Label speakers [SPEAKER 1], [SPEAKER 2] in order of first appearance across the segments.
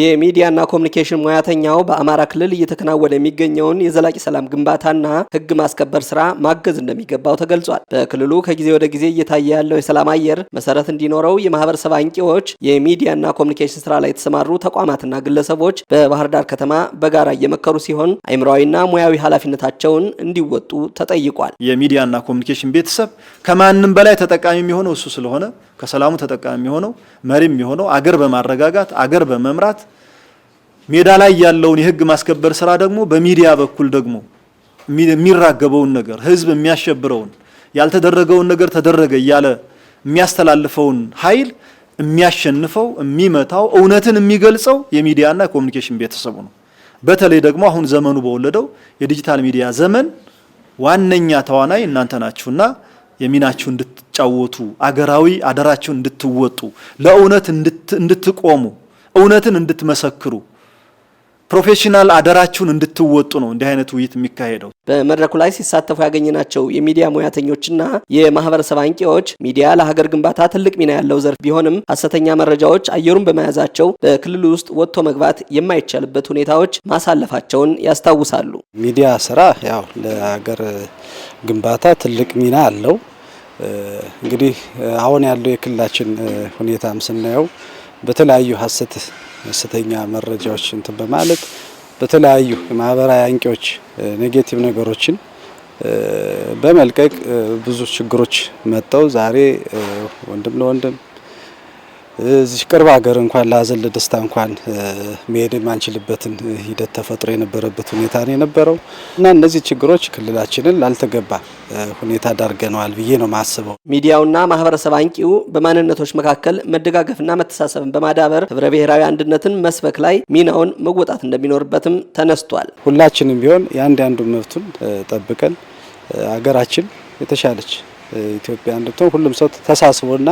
[SPEAKER 1] የሚዲያና ኮሚኒኬሽን ሙያተኛው በአማራ ክልል እየተከናወነ የሚገኘውን የዘላቂ ሰላም ግንባታና ሕግ ማስከበር ስራ ማገዝ እንደሚገባው ተገልጿል። በክልሉ ከጊዜ ወደ ጊዜ እየታየ ያለው የሰላም አየር መሰረት እንዲኖረው የማህበረሰብ አንቂዎች፣ የሚዲያና ኮሚኒኬሽን ስራ ላይ የተሰማሩ ተቋማትና ግለሰቦች በባህር ዳር ከተማ በጋራ እየመከሩ ሲሆን አይምራዊና ሙያዊ ኃላፊነታቸውን እንዲወጡ ተጠይቋል።
[SPEAKER 2] የሚዲያና ኮሚኒኬሽን ቤተሰብ ከማንም በላይ ተጠቃሚ የሚሆነው እሱ ስለሆነ ከሰላሙ ተጠቃሚ የሚሆነው መሪም የሆነው አገር በማረጋጋት አገር በመምራት ሜዳ ላይ ያለውን የህግ ማስከበር ስራ ደግሞ በሚዲያ በኩል ደግሞ የሚራገበውን ነገር ህዝብ የሚያሸብረውን ያልተደረገውን ነገር ተደረገ እያለ የሚያስተላልፈውን ኃይል የሚያሸንፈው የሚመታው እውነትን የሚገልጸው የሚዲያና የኮሚኒኬሽን ቤተሰቡ ነው። በተለይ ደግሞ አሁን ዘመኑ በወለደው የዲጂታል ሚዲያ ዘመን ዋነኛ ተዋናይ እናንተ ናችሁና የሚናችሁ እንድትጫወቱ አገራዊ አደራችሁ እንድትወጡ ለእውነት እንድትቆሙ እውነትን እንድትመሰክሩ ፕሮፌሽናል አደራችሁን እንድትወጡ ነው እንዲህ አይነት ውይይት የሚካሄደው።
[SPEAKER 1] በመድረኩ ላይ ሲሳተፉ ያገኘናቸው የሚዲያ ሙያተኞችና የማህበረሰብ አንቂዎች ሚዲያ ለሀገር ግንባታ ትልቅ ሚና ያለው ዘርፍ ቢሆንም ሀሰተኛ መረጃዎች አየሩን በመያዛቸው በክልሉ ውስጥ ወጥቶ መግባት የማይቻልበት ሁኔታዎች ማሳለፋቸውን ያስታውሳሉ።
[SPEAKER 3] ሚዲያ ስራ ያው ለሀገር ግንባታ ትልቅ ሚና አለው። እንግዲህ አሁን ያለው የክልላችን ሁኔታም ስናየው በተለያዩ ሀሰት ሀሰተኛ መረጃዎች እንትን በማለት በተለያዩ ማህበራዊ አንቂዎች ኔጌቲቭ ነገሮችን በመልቀቅ ብዙ ችግሮች መጥተው ዛሬ ወንድም ለወንድም እዚህ ቅርብ ሀገር እንኳን ለሀዘን ለደስታ እንኳን መሄድ የማንችልበትን ሂደት ተፈጥሮ የነበረበት ሁኔታ ነው የነበረው እና እነዚህ ችግሮች ክልላችንን ላልተገባ ሁኔታ ዳርገነዋል ብዬ ነው የማስበው።
[SPEAKER 1] ሚዲያውና ማህበረሰብ አንቂው በማንነቶች መካከል መደጋገፍና መተሳሰብን በማዳበር ህብረ ብሔራዊ አንድነትን መስበክ ላይ ሚናውን መወጣት እንደሚኖርበትም ተነስቷል።
[SPEAKER 3] ሁላችንም ቢሆን የአንድ አንዱ መብቱን ጠብቀን አገራችን የተሻለች ኢትዮጵያ እንድትሆን ሁሉም ሰው ተሳስቦና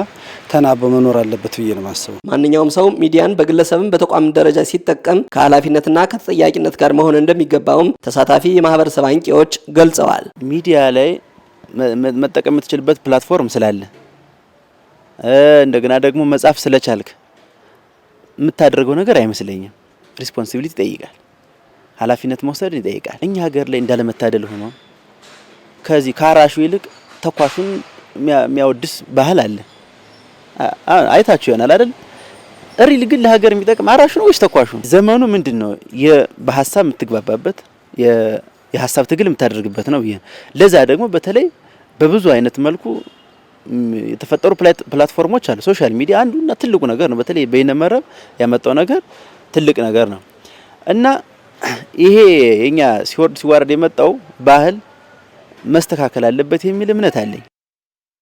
[SPEAKER 3] ተናቦ መኖር አለበት ብዬ ነው የማስበው።
[SPEAKER 1] ማንኛውም ሰው ሚዲያን በግለሰብም በተቋም ደረጃ ሲጠቀም ከኃላፊነትና ከተጠያቂነት ጋር መሆን እንደሚገባውም ተሳታፊ የማህበረሰብ አንቂዎች ገልጸዋል።
[SPEAKER 4] ሚዲያ ላይ መጠቀም የምትችልበት ፕላትፎርም ስላለ እንደገና ደግሞ መጻፍ ስለቻልክ የምታደርገው ነገር አይመስለኝም። ሪስፖንሲቢሊቲ ይጠይቃል፣ ኃላፊነት መውሰድ ይጠይቃል። እኛ ሀገር ላይ እንዳለመታደል ሆኖ ከዚህ ከአራሹ ይልቅ ተኳሹን የሚያወድስ ባህል አለ። አይታችሁ ይሆናል አይደል? ሪል ግን ለሀገር የሚጠቅም አራሹ ነው ወይስ ተኳሹ? ዘመኑ ምንድን ነው? በሀሳብ የምትግባባበት የሀሳብ ትግል የምታደርግበት ነው። ይሄ ለዛ ደግሞ በተለይ በብዙ አይነት መልኩ የተፈጠሩ ፕላትፎርሞች አሉ። ሶሻል ሚዲያ አንዱና ትልቁ ነገር ነው። በተለይ በይነመረብ ያመጣው ነገር ትልቅ ነገር ነው እና ይሄ የኛ ሲወርድ ሲዋረድ የመጣው ባህል መስተካከል አለበት የሚል እምነት አለኝ።